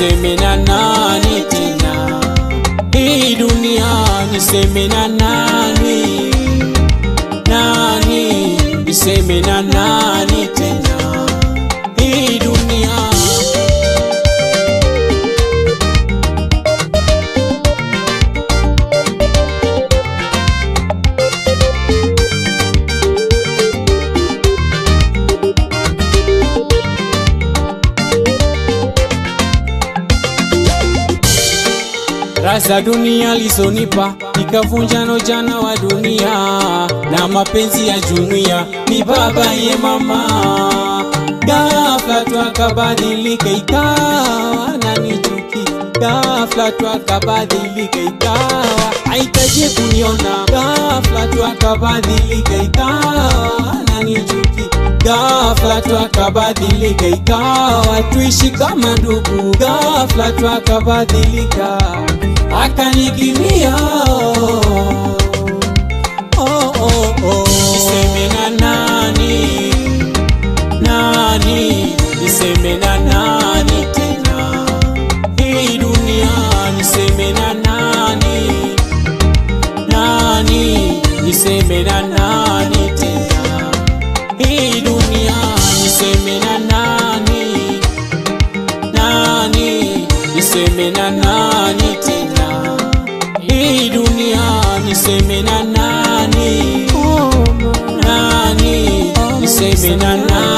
niseme na nani tena? Hii dunia niseme na nani? Nani niseme na nani? Rasa za dunia lizonipa ikavunjano jana wa dunia na mapenzi ya jumuiya ni baba ye mama, ghafla tu akabadilika na ananichuki, ghafla tu akabadilika ikawa aitaje kuniona, ghafla tu akabadilika ikawa ghafla twakabadilika, ikawa tuishi kama ndugu, ghafla twakabadilika, akanigimia oh, oh, oh. Niseme na nani nani, niseme na nani dunia, niseme na nani nani, niseme na nani niseme na nani tena? Hii dunia niseme na nani? Nani oh, niseme na nani?